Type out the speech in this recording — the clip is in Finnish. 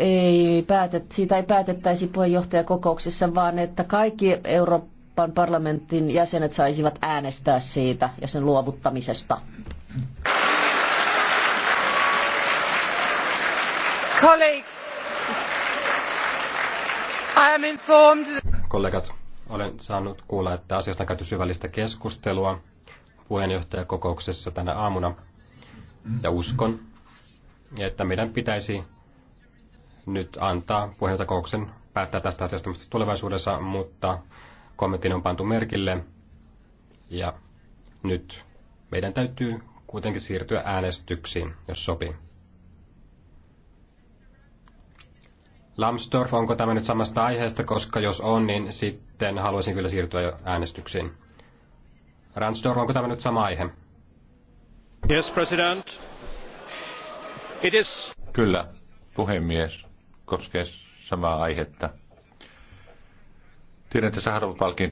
ei päätet, siitä ei päätettäisi puheenjohtajakokouksessa, vaan että kaikki Euroopan parlamentin jäsenet saisivat äänestää siitä ja sen luovuttamisesta. Colleagues, I am informed... Kollegat, olen saanut kuulla, että asiasta on käyty syvällistä keskustelua puheenjohtajakokouksessa tänä aamuna. Ja uskon, että meidän pitäisi nyt antaa puheenjohtajakokouksen päättää tästä asiasta tulevaisuudessa, mutta kommenttiin on pantu merkille ja nyt meidän täytyy kuitenkin siirtyä äänestyksiin, jos sopii. Lambsdorff, onko tämä nyt samasta aiheesta, koska jos on, niin sitten haluaisin kyllä siirtyä jo äänestyksiin. Ransdorff, onko tämä nyt sama aihe? Yes, president. It is... Kyllä, puhemies koskee samaa aihetta. Tiedän, että Saharov-palkin